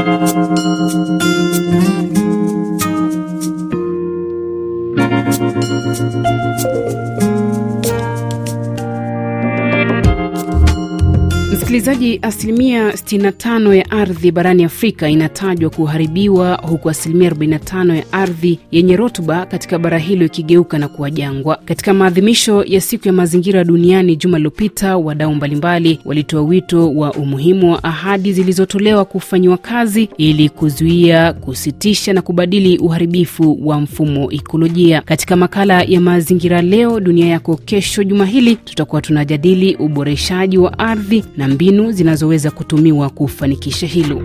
Thank you. Msikilizaji, asilimia 65 ya ardhi barani Afrika inatajwa kuharibiwa huku asilimia 45 ya ardhi yenye rutuba katika bara hilo ikigeuka na kuwa jangwa. Katika maadhimisho ya siku ya mazingira duniani juma lililopita, wadau mbalimbali walitoa wito wa umuhimu wa ahadi zilizotolewa kufanyiwa kazi ili kuzuia, kusitisha na kubadili uharibifu wa mfumo ikolojia. Katika makala ya mazingira leo dunia yako kesho, juma hili tutakuwa tunajadili uboreshaji wa ardhi na mbinu zinazoweza kutumiwa kufanikisha hilo.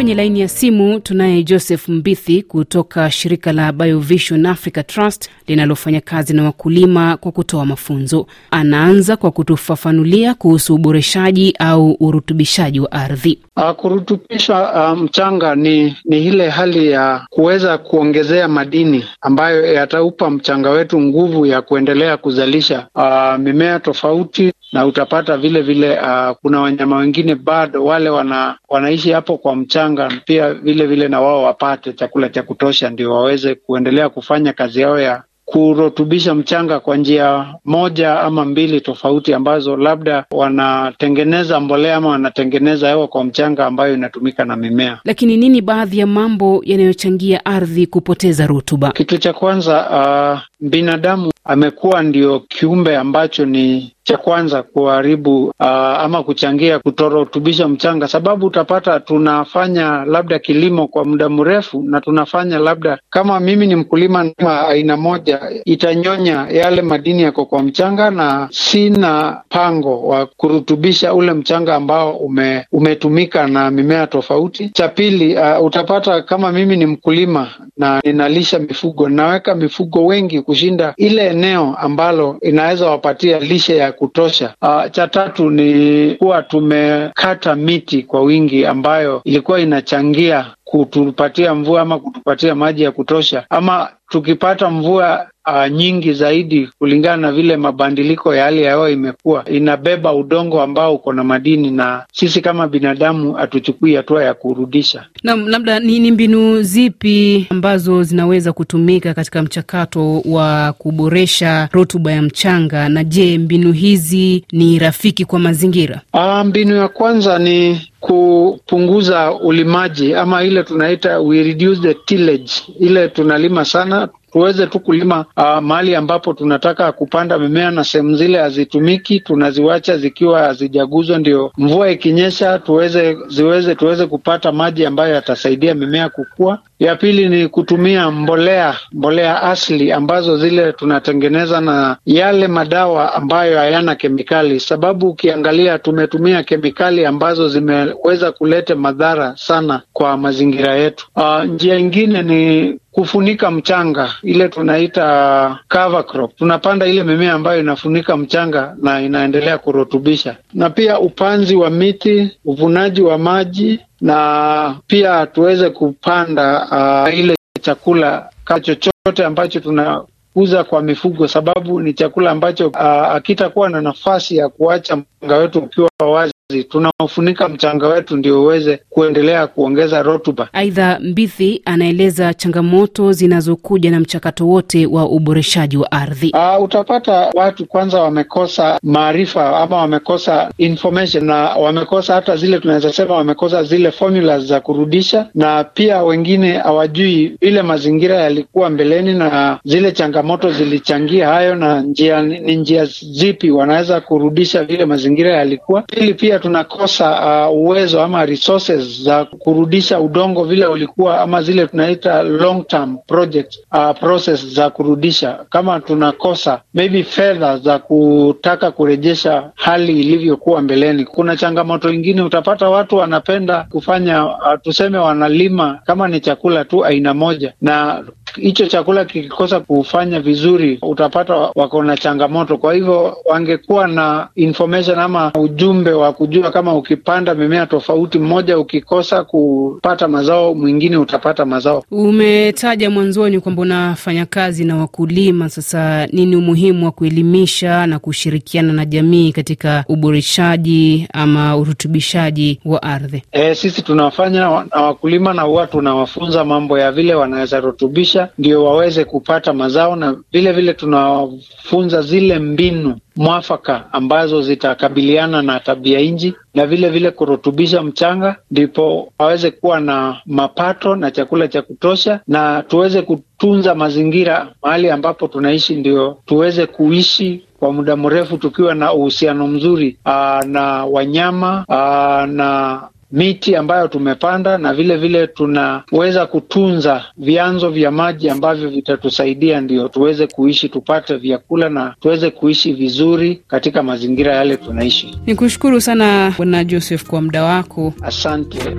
Kwenye laini ya simu tunaye Joseph Mbithi kutoka shirika la BioVision Africa Trust linalofanya kazi na wakulima kwa kutoa mafunzo. Anaanza kwa kutufafanulia kuhusu uboreshaji au urutubishaji wa ardhi. Uh, ah, kurutubisha uh, ah, mchanga ni, ni ile hali ya kuweza kuongezea madini ambayo yataupa mchanga wetu nguvu ya kuendelea kuzalisha uh, mimea tofauti na utapata vile vile uh, kuna wanyama wengine bado wale wana, wanaishi hapo kwa mchanga pia vile vile na wao wapate chakula cha kutosha ndio waweze kuendelea kufanya kazi yao ya kurutubisha mchanga kwa njia moja ama mbili tofauti, ambazo labda wanatengeneza mbolea ama wanatengeneza hewa kwa mchanga ambayo inatumika na mimea. Lakini nini baadhi ya mambo yanayochangia ardhi kupoteza rutuba? Kitu cha kwanza, uh, Binadamu amekuwa ndio kiumbe ambacho ni cha kwanza kuharibu uh, ama kuchangia kutorutubisha mchanga, sababu utapata tunafanya labda kilimo kwa muda mrefu, na tunafanya labda, kama mimi ni mkulima wa aina moja, itanyonya yale madini yako kwa mchanga, na sina pango wa kurutubisha ule mchanga ambao ume, umetumika na mimea tofauti. Cha pili, uh, utapata kama mimi ni mkulima na ninalisha mifugo, naweka mifugo wengi kushinda ile eneo ambalo inaweza wapatia lishe ya kutosha. Uh, cha tatu ni kuwa tumekata miti kwa wingi ambayo ilikuwa inachangia kutupatia mvua ama kutupatia maji ya kutosha ama tukipata mvua uh, nyingi zaidi kulingana na vile mabadiliko ya hali ya hewa imekuwa, inabeba udongo ambao uko na madini, na sisi kama binadamu hatuchukui hatua ya kurudisha. Na labda ni mbinu zipi ambazo zinaweza kutumika katika mchakato wa kuboresha rutuba ya mchanga, na je, mbinu hizi ni rafiki kwa mazingira? Uh, mbinu ya kwanza ni kupunguza ulimaji ama ile tunaita we reduce the tillage, ile tunalima sana up tuweze tu kulima uh, ah, mahali ambapo tunataka kupanda mimea na sehemu zile hazitumiki tunaziwacha zikiwa hazijaguzwa, ndio mvua ikinyesha tuweze ziweze tuweze kupata maji ambayo yatasaidia mimea kukua. Ya pili ni kutumia mbolea mbolea asili ambazo zile tunatengeneza na yale madawa ambayo hayana kemikali, sababu ukiangalia tumetumia kemikali ambazo zimeweza kuleta madhara sana kwa mazingira yetu. Uh, njia ingine ni kufunika mchanga ile tunaita cover crop. Tunapanda ile mimea ambayo inafunika mchanga na inaendelea kurutubisha, na pia upanzi wa miti, uvunaji wa maji, na pia tuweze kupanda uh, ile chakula chochote ambacho tuna kuza kwa mifugo sababu ni chakula ambacho uh, akitakuwa na nafasi ya kuacha mchanga wetu ukiwa wazi tunaofunika mchanga wetu ndio uweze kuendelea kuongeza rotuba. Aidha, Mbithi anaeleza changamoto zinazokuja na mchakato wote wa uboreshaji wa ardhi. Uh, utapata watu kwanza wamekosa maarifa ama wamekosa information na wamekosa hata zile tunaweza sema wamekosa zile formulas za kurudisha, na pia wengine hawajui vile mazingira yalikuwa mbeleni na zile changamoto zilichangia hayo, na njia ni njia zipi wanaweza kurudisha vile mazingira yalikuwa. Pili pia tunakosa uh, uwezo ama resources za kurudisha udongo vile ulikuwa, ama zile tunaita long term project uh, process za kurudisha, kama tunakosa maybe fedha za kutaka kurejesha hali ilivyokuwa mbeleni. Kuna changamoto ingine, utapata watu wanapenda kufanya uh, tuseme wanalima kama ni chakula tu aina moja, na hicho chakula kikikosa kufanya vizuri, utapata wako na changamoto. Kwa hivyo wangekuwa na information ama ujumbe wa kujua kama ukipanda mimea tofauti, mmoja ukikosa kupata mazao, mwingine utapata mazao. Umetaja mwanzoni kwamba unafanya kazi na wakulima. Sasa nini umuhimu wa kuelimisha na kushirikiana na jamii katika uboreshaji ama urutubishaji wa ardhi? E, sisi tunafanya na wakulima na huwa tunawafunza mambo ya vile wanaweza rutubisha kutosha, ndio waweze kupata mazao, na vile vile tunafunza zile mbinu mwafaka ambazo zitakabiliana na tabia nji na vile vile kurutubisha mchanga, ndipo waweze kuwa na mapato na chakula cha kutosha, na tuweze kutunza mazingira mahali ambapo tunaishi, ndio tuweze kuishi kwa muda mrefu tukiwa na uhusiano mzuri aa, na wanyama aa, na miti ambayo tumepanda na vile vile tunaweza kutunza vyanzo vya maji ambavyo vitatusaidia ndio tuweze kuishi, tupate vyakula na tuweze kuishi vizuri katika mazingira yale tunaishi. Ni kushukuru sana Bwana Joseph kwa muda wako, asante.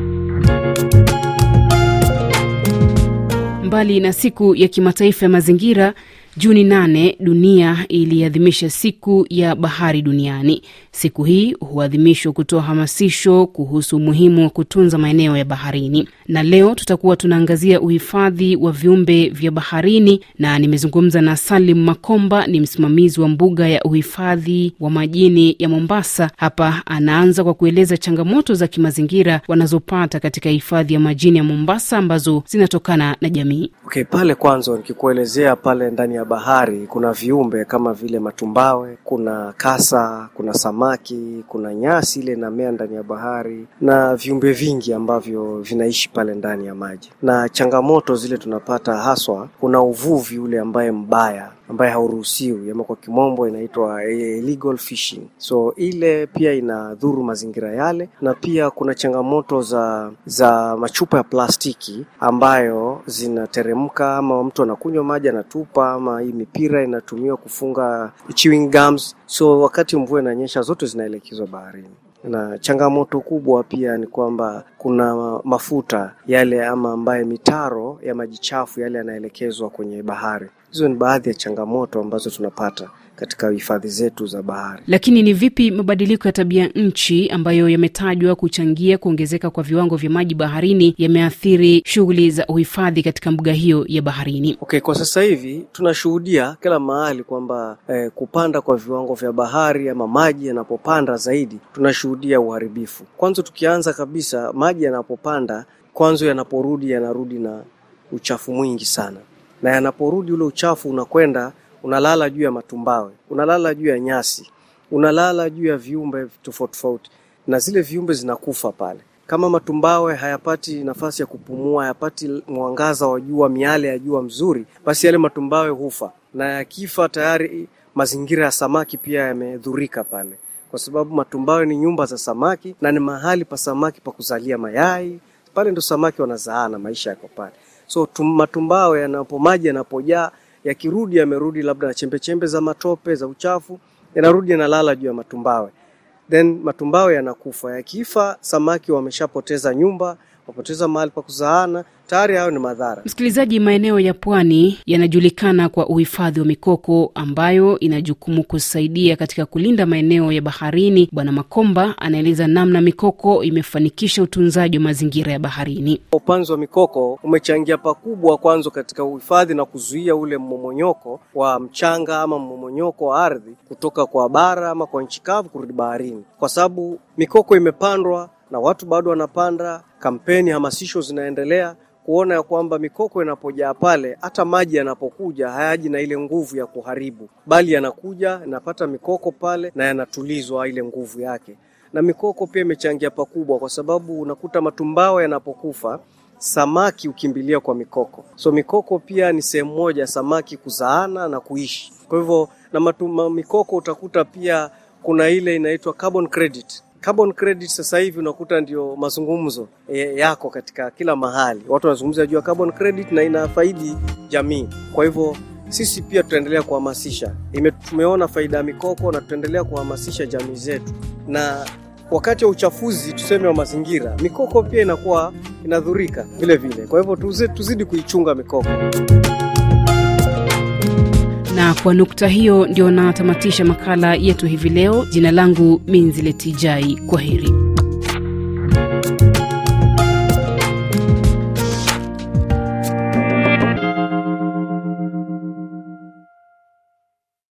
Mbali na siku ya kimataifa ya mazingira Juni nane dunia iliadhimisha siku ya bahari duniani. Siku hii huadhimishwa kutoa hamasisho kuhusu umuhimu wa kutunza maeneo ya baharini, na leo tutakuwa tunaangazia uhifadhi wa viumbe vya baharini, na nimezungumza na Salim Makomba, ni msimamizi wa mbuga ya uhifadhi wa majini ya Mombasa. Hapa anaanza kwa kueleza changamoto za kimazingira wanazopata katika hifadhi ya majini ya Mombasa ambazo zinatokana na jamii. Okay, pale kwanza nikikuelezea pale ndani ya bahari kuna viumbe kama vile matumbawe, kuna kasa, kuna samaki, kuna nyasi ile inamea ndani ya bahari na viumbe vingi ambavyo vinaishi pale ndani ya maji, na changamoto zile tunapata haswa, kuna uvuvi ule ambaye mbaya ambaye hauruhusiwi ama kwa kimombo inaitwa eh, illegal fishing. So ile pia inadhuru mazingira yale, na pia kuna changamoto za za machupa ya plastiki ambayo zinateremka, ama mtu anakunywa maji anatupa, ama hii mipira inatumiwa kufunga chewing gums. So wakati mvua inanyesha, zote zinaelekezwa baharini na changamoto kubwa pia ni kwamba kuna mafuta yale ama ambaye mitaro ya maji chafu yale yanaelekezwa kwenye bahari. Hizo ni baadhi ya changamoto ambazo tunapata katika hifadhi zetu za bahari. Lakini ni vipi mabadiliko ya tabia nchi ambayo yametajwa kuchangia kuongezeka kwa viwango vya maji baharini yameathiri shughuli za uhifadhi katika mbuga hiyo ya baharini? Okay, kwa sasa hivi tunashuhudia kila mahali kwamba eh, kupanda kwa viwango vya bahari ama maji yanapopanda zaidi tunashuhudia uharibifu. Kwanza tukianza kabisa maji yanapopanda kwanza, yanaporudi yanarudi na uchafu mwingi sana, na yanaporudi ule uchafu unakwenda unalala juu ya matumbawe, unalala juu ya nyasi, unalala juu ya viumbe tofauti tofauti, na zile viumbe zinakufa pale. Kama matumbawe hayapati nafasi ya kupumua, hayapati mwangaza wa jua, miale ya jua mzuri, basi yale matumbawe hufa, na yakifa tayari mazingira ya samaki pia yamedhurika pale kwa sababu matumbawe ni nyumba za samaki na ni mahali pa samaki pa kuzalia mayai. Pale ndo samaki wanazaana, maisha yako pale. So tum, matumbawe yanapo maji yanapojaa, yakirudi yamerudi labda na chembe chembe za matope za uchafu, yanarudi yanalala juu ya matumbawe, then matumbawe yanakufa. Yakifa samaki wameshapoteza nyumba, wapoteza mahali pa kuzaana hatari au ni madhara. Msikilizaji, maeneo ya pwani yanajulikana kwa uhifadhi wa mikoko ambayo ina jukumu kusaidia katika kulinda maeneo ya baharini. Bwana Makomba anaeleza namna mikoko imefanikisha utunzaji wa mazingira ya baharini. Upanzi wa mikoko umechangia pakubwa, kwanza katika uhifadhi na kuzuia ule mmomonyoko wa mchanga ama mmomonyoko wa ardhi kutoka kwa bara ama kwa nchi kavu kurudi baharini, kwa sababu mikoko imepandwa na watu bado wanapanda, kampeni hamasisho zinaendelea kuona ya kwamba mikoko inapojaa pale, hata maji yanapokuja hayaji na ile nguvu ya kuharibu, bali yanakuja napata mikoko pale na yanatulizwa ile nguvu yake. Na mikoko pia imechangia pakubwa, kwa sababu unakuta matumbao yanapokufa samaki ukimbilia kwa mikoko. So mikoko pia ni sehemu moja samaki kuzaana na kuishi. Kwa hivyo na matuma, mikoko utakuta pia kuna ile inaitwa carbon credit Carbon credit sasa hivi unakuta ndio mazungumzo e, yako katika kila mahali, watu wanazungumza juu ya carbon credit na inafaidi jamii. Kwa hivyo sisi pia tutaendelea kuhamasisha, tumeona faida ya mikoko na tutaendelea kuhamasisha jamii zetu. Na wakati wa uchafuzi tuseme wa mazingira, mikoko pia inakuwa inadhurika vile vile. Kwa hivyo tuzidi kuichunga mikoko. Na kwa nukta hiyo ndio natamatisha makala yetu hivi leo. Jina langu jai kwa heri.